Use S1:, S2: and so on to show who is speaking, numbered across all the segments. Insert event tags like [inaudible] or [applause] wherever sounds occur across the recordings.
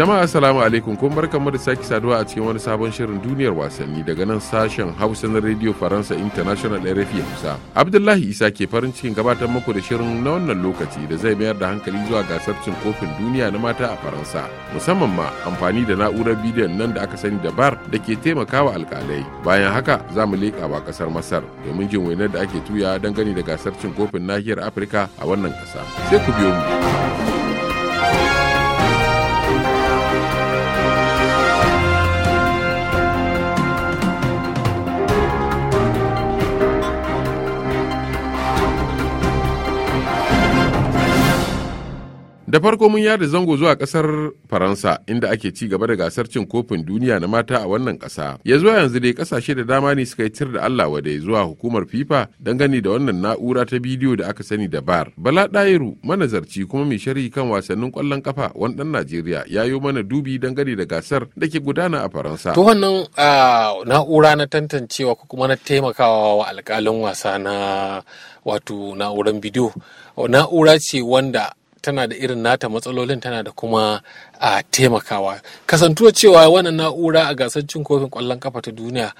S1: Jama'a assalamu alaikum kun bar kamar da sake saduwa a cikin wani sabon shirin duniyar wasanni daga nan sashen Hausa na Radio Faransa International RFI Hausa. Abdullahi Isa ke farin cikin gabatar muku da shirin na wannan lokaci da zai mayar da hankali zuwa gasar cin kofin duniya na mata a Faransa. Musamman ma amfani da na'urar bidiyon nan da aka sani da bar da ke taimakawa alkalai. Bayan haka za mu leƙa ba kasar Masar domin jin wainar da ake tuya dangane da gasar cin kofin nahiyar Afirka a wannan ƙasa. Sai ku biyo mu. Da farko mun yada zango zuwa kasar Faransa inda ake ci gaba da gasar cin kofin duniya na mata a wannan kasa. Ya zuwa yanzu dai kasashe da dama ne suka yi tir da Allah wadai zuwa hukumar FIFA dangane da wannan na'ura ta bidiyo da aka sani da bar. Bala Dayiru manazarci kuma mai shari kan wasannin kwallon kafa wani dan Najeriya ya yi mana dubi dangane da gasar da ke gudana a
S2: Faransa. To wannan na'ura na tantancewa ko kuma na taimakawa wa alkalin wasa na wato na'uran bidiyo na'ura ce wanda tana da irin nata matsalolin tana da kuma a taimakawa kasantuwa cewa wannan na'ura a gasar cin kofin kwallon kafa ta duniya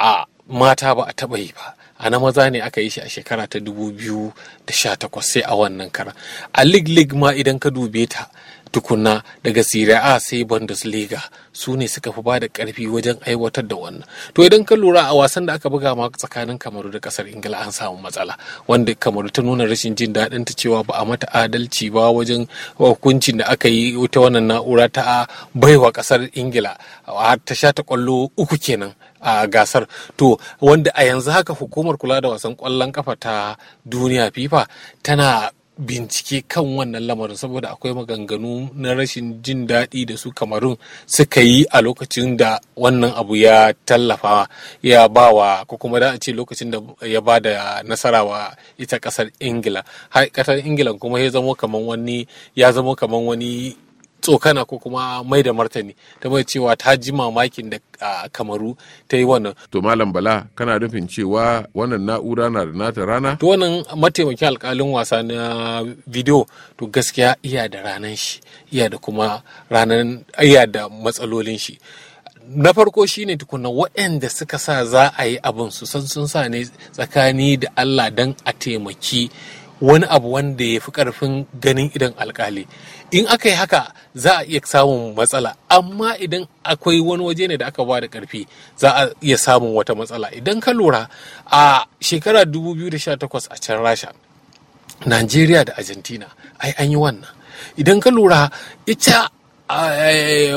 S2: a mata ba a taba yi ba a na maza ne aka yi shi a shekara ta dubu biyu da sha takwas, sai a wannan kara a lig lig ma idan ka dube ta tukuna daga Serie A sai Bundesliga su ne suka fi ba da karfi wajen aiwatar da wannan to idan ka lura a wasan da aka buga ma tsakanin Kamaru da kasar Ingila an samu matsala wanda Kamaru ta nuna rashin jin daɗin ta cewa ba a mata adalci ba wajen hukuncin da aka yi ta wannan na'ura ta baiwa kasar Ingila har ta sha ta kwallo uku kenan a gasar to wanda a yanzu haka hukumar kula da wasan kwallon kafa ta duniya FIFA tana bincike kan wannan lamarin saboda akwai maganganu na rashin jin daɗi da su kamarun suka yi a lokacin da wannan abu ya tallafa ya bawa ko kuma da a ce lokacin da ya ba da nasara wa ita ƙasar ingila ƙasar ingila kuma ya zamo kamar ya zamo kaman wani tsokana ko kuma mai da martani ta mai cewa ta ji mamakin da kamaru ta yi wannan. To Malam Bala kana nufin cewa wannan na'ura na da nata rana? To wannan mataimakin alkalin wasa na video to gaskiya iya da ranan shi iya da kuma ranan iya da matsalolin shi. na farko shine tukuna waɗanda suka sa za a yi abin su san sun sa ne tsakani da Allah don a taimaki wani abu wanda ya fi karfin ganin idan alkali in aka yi haka za a iya samun matsala amma idan akwai wani waje ne da aka ba da karfi za a iya samun wata matsala idan ka lura a shekara 2018 a can rasha najeriya da argentina ai an yi wannan idan ka lura ita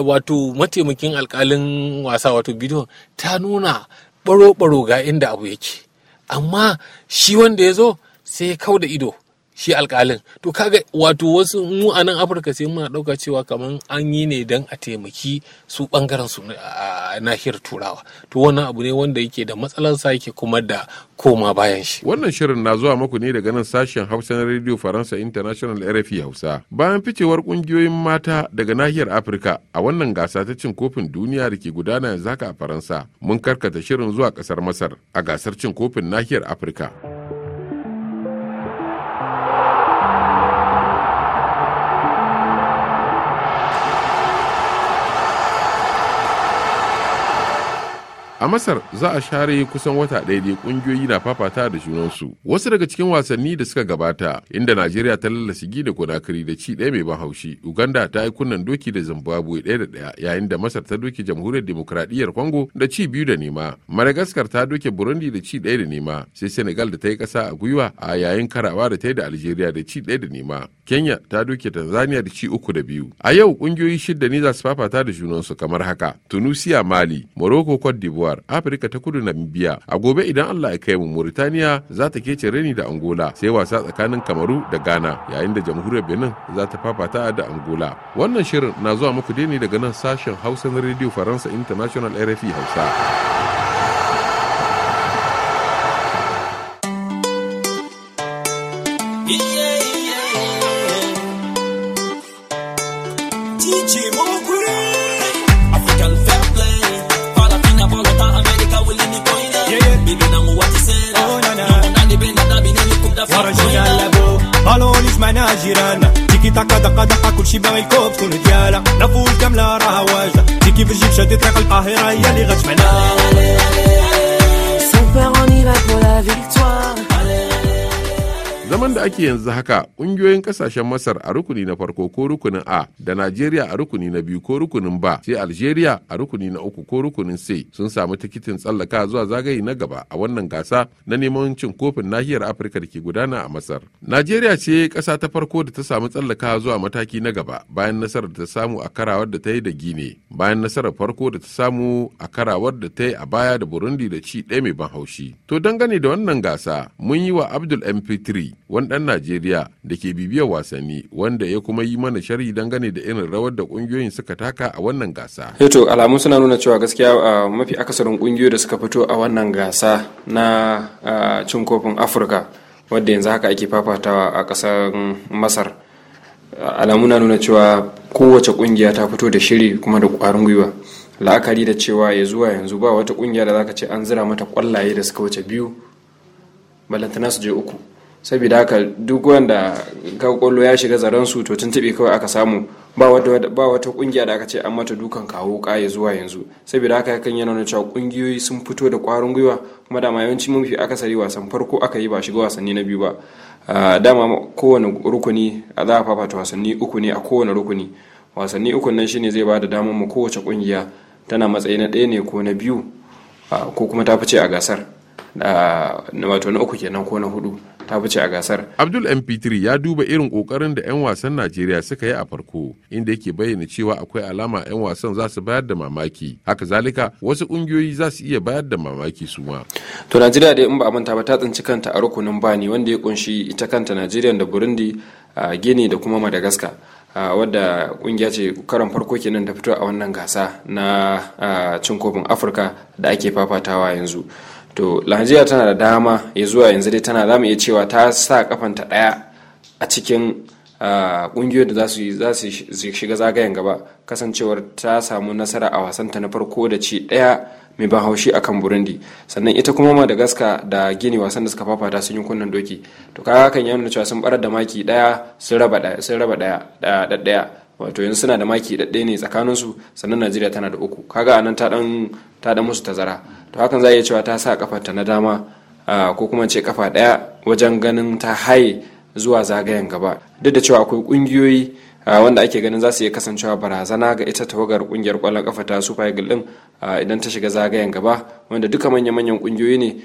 S2: wato mataimakin alkalin wasa wato bidiyon ta nuna baro-baro ga inda abu yake amma shi wanda ya zo sai kau da ido shi alkalin to kaga wato wasu mu a nan afirka sai muna ɗauka cewa kamar an yi ne don a taimaki su ɓangaren su a nahiyar turawa to wannan abu ne wanda yake da matsalarsa yake kuma da koma bayan shi wannan shirin na zuwa muku ne daga nan sashen hausa na radio
S1: faransa international rfi hausa bayan ficewar kungiyoyin mata daga nahiyar afirka a wannan gasa ta cin kofin duniya da ke gudana yanzu haka a faransa mun karkata shirin zuwa kasar masar a gasar cin kofin nahiyar afirka. a masar za a share kusan wata ɗaya ne ƙungiyoyi na fafata da junansu wasu daga cikin wasanni da suka gabata inda najeriya ta lallasa da konakiri da ci ɗaya mai ban haushi uganda ta yi kunnen doki da zimbabwe ɗaya da ɗaya yayin da masar ta doke jamhuriyar demokuraɗiyyar congo da ci biyu da nema madagascar ta doke burundi da ci ɗaya da nema sai senegal da ta yi ƙasa a gwiwa a yayin karawa da ta yi da algeria da ci ɗaya da nema kenya ta doke tanzania da ci uku da biyu a yau ƙungiyoyi shidda ne za su fafata da junansu kamar haka tunisia mali morocco cote d'ivoire Ivoire, Afirka ta kudu na Namibia. A gobe idan Allah ya kai mu Mauritania za ta kece reni da Angola sai wasa tsakanin Kamaru da Ghana yayin da jamhuriyar Benin za ta fafata da Angola. Wannan shirin na zuwa muku ne daga nan sashen Hausa na Radio Faransa International RFI Hausa.
S3: معنا جيرانا تيكي تاكا دقا دقا كلشي باغي الكوب تكون ديالا لافول كامله راها واجده تيكي في الجيب شادي طريق القاهره هي اللي غتجمعنا Son père en y
S1: zaman da ake yanzu haka ƙungiyoyin ƙasashen masar a rukuni na farko ko rukunin a da najeriya a rukuni na biyu ko rukunin ba sai algeria a rukuni na uku ko rukunin c sun samu tikitin tsallaka zuwa zagaye na gaba a wannan gasa na neman cin kofin nahiyar afirka da ke gudana a masar najeriya ce ƙasa ta farko da ta samu tsallaka zuwa mataki na gaba bayan nasarar da ta samu a karawar da ta yi da gine bayan nasarar farko da ta samu a karawar da ta yi a baya da burundi da ci ɗaya mai ban haushi to dangane da wannan gasa mun yi wa abdul mp3 wani ɗan Najeriya da ke bibiyar wasanni wanda ya kuma yi mana sharhi dangane da irin rawar da kungiyoyin suka taka a wannan gasa.
S3: Heto eh alamu suna nuna cewa gaskiya a mafi akasarin ƙungiyoyi da suka fito a wannan gasa na cin kofin Afirka wadda yanzu haka ake fafatawa a ƙasar Masar. Alamu na nuna cewa kowace ƙungiya ta fito da shiri kuma da ƙwarin gwiwa. La'akari da cewa ya zuwa yanzu ba wata ƙungiya da zaka ce an zira mata ƙwallaye da suka wuce biyu balantana su je uku. saboda haka duk wanda ga kwallo ya shiga zaren su to tuntube kawai aka samu ba wata ba kungiya da aka ce an mata dukan kawo kaye zuwa yanzu saboda haka yakan yana nuna cewa kungiyoyi sun fito da kwarin gwiwa kuma da yawanci mafi akasari wasan farko aka yi ba shiga wasanni na biyu ba dama kowane rukuni za a fafata wasanni uku ne a kowane rukuni wasanni uku nan shine zai ba da damar mu kowace kungiya tana matsayi na ɗaya ne ko na biyu ko kuma ta fice a gasar wato na uku kenan ko na hudu ta fice a gasar. Abdul MP3 ya
S1: duba irin kokarin da 'yan wasan Najeriya suka yi a farko inda yake bayyana cewa akwai alama 'yan wasan za su bayar da mamaki. Haka zalika wasu kungiyoyi za su iya bayar da mamaki su ma.
S3: To Najeriya dai in ba a manta ba ta tsinci kanta a rukunin bani wanda ya kunshi ita kanta Najeriya da Burundi, Gini da kuma Madagascar. wadda kungiya ce karon farko kenan ta fito a wannan gasa na cin kofin afirka da ake fafatawa yanzu to lahajiya tana da dama ya zuwa yanzu dai tana zamu iya cewa ta sa kafanta daya a cikin kungiyoyin da za su shiga zagayen gaba kasancewar ta samu nasara a wasanta na farko da ci daya mai ban haushi a kan burundi sannan ita kuma madagascar da gini wasan da suka fafata sun yi kunnen doki to kaga kan ya nuna cewa sun barar da maki daya sun raba daya daya wato yanzu suna da maki daɗe ne tsakaninsu sannan najeriya tana da uku kaga anan ta dan ta dan musu tazara to hakan za a iya cewa ta sa kafarta na dama ko kuma ce kafa ɗaya wajen ganin ta haye zuwa zagayen gaba duk da cewa akwai ƙungiyoyi wanda ake ganin za su iya kasancewa barazana ga ita tawagar ƙungiyar kwallon kafa ta super eagle din idan ta shiga zagayen gaba wanda duka manya-manyan ƙungiyoyi ne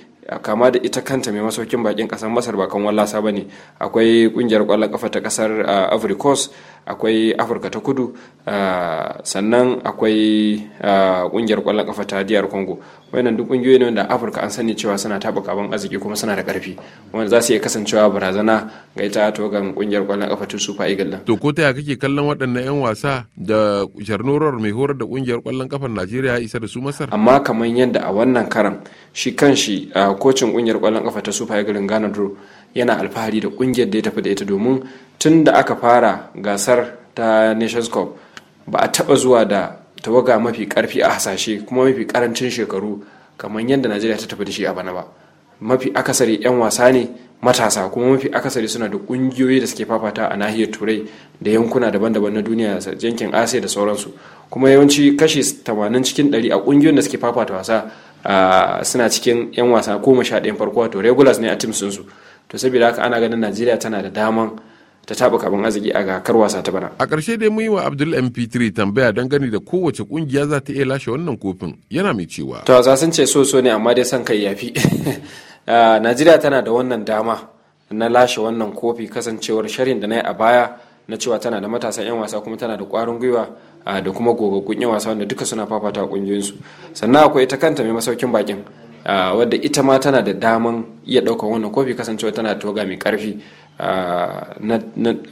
S3: kama da ita kanta mai masaukin bakin kasar masar ba kan wallasa ba ne akwai kungiyar kwallon kafa ta kasar uh, ivory coast akwai afirka ta kudu uh, sannan akwai uh, kungiyar kwallon kafa ta diyar congo wannan duk kungiyoyi ne wanda afirka an sani cewa suna taɓa kaban arziki kuma suna da karfi wanda za su iya kasancewa barazana ga ita togan kungiyar kwallon kafa ta super eagle
S1: to ko ta kake kallon waɗannan yan wasa da jarnoror mai horar da kungiyar kwallon kafar najeriya isa da su masar amma
S3: kamar yadda a wannan karan shi kan kocin kungiyar kwallon kafa ta super eagles ghana drew yana alfahari da kungiyar da ya tafi da ita domin tun da aka fara gasar ta nations cup ba a taba zuwa da tawaga mafi karfi a hasashe kuma mafi karancin shekaru kamar yadda najeriya ta tafi da shi a bana ba mafi akasari 'yan wasa ne matasa kuma mafi akasari suna da kungiyoyi da suke fafata a nahiyar turai da yankuna daban-daban na duniya yankin asiya da sauransu kuma yawanci kashi 80 cikin 100 a kungiyoyin da suke fafata wasa suna cikin 'yan wasa goma sha ɗayan farko wato regulars ne a tim su to saboda haka ana ganin najeriya tana da daman ta taɓa kabin arziki a kar wasa ta bana.
S1: A ƙarshe dai mun yi wa Abdul MP3 tambaya don gani da kowace ƙungiya za ta iya lashe wannan kofin yana mai cewa.
S3: To za sun ce so so ne amma dai son kai yafi. [laughs] Najeriya tana da wannan dama na lashe wannan kofi kasancewar shirin da na yi a baya na cewa tana da matasan 'yan wasa kuma tana da kwarin gwiwa da kuma gogaggun 'yan wasa wanda duka suna fafata su sannan akwai ita kanta mai masaukin bakin wadda ita ma tana da daman iya ɗaukar wannan kofi kasancewa tana toga mai karfi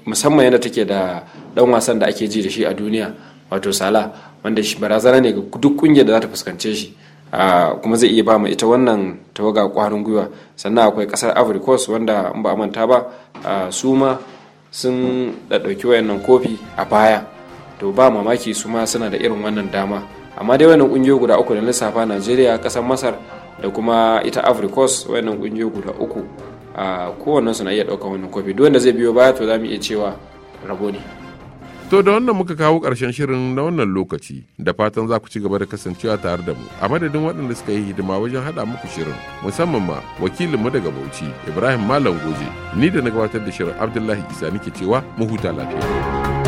S3: musamman yadda take da ɗan wasan da ake ji da shi a duniya wato sala wanda barazana ne ga duk ƙungiyar da za ta fuskance shi kuma zai iya ba mu ita wannan tawaga kwarin gwiwa sannan akwai kasar africos wanda in ba a manta ba su ma sun ɗauki wayannan kofi a baya to ba mamaki su ma suna da irin wannan dama amma dai wannan ƙungiyoyi guda uku da lissafa najeriya ƙasar masar da kuma ita africos wayannan ƙungiyoyi guda uku a kowannen su na iya ɗaukar wannan kofi duk wanda zai biyo baya to za mu iya cewa rabo ne
S1: To da wannan muka kawo ƙarshen shirin na wannan lokaci da fatan za ku ci gaba da kasancewa tare da mu a madadin waɗanda suka yi hidima wajen haɗa muku shirin musamman ma wakilinmu daga Bauchi Ibrahim Malam Goje ni da na gabatar da shirin Abdullahi Isa nake cewa mu huta lafiya.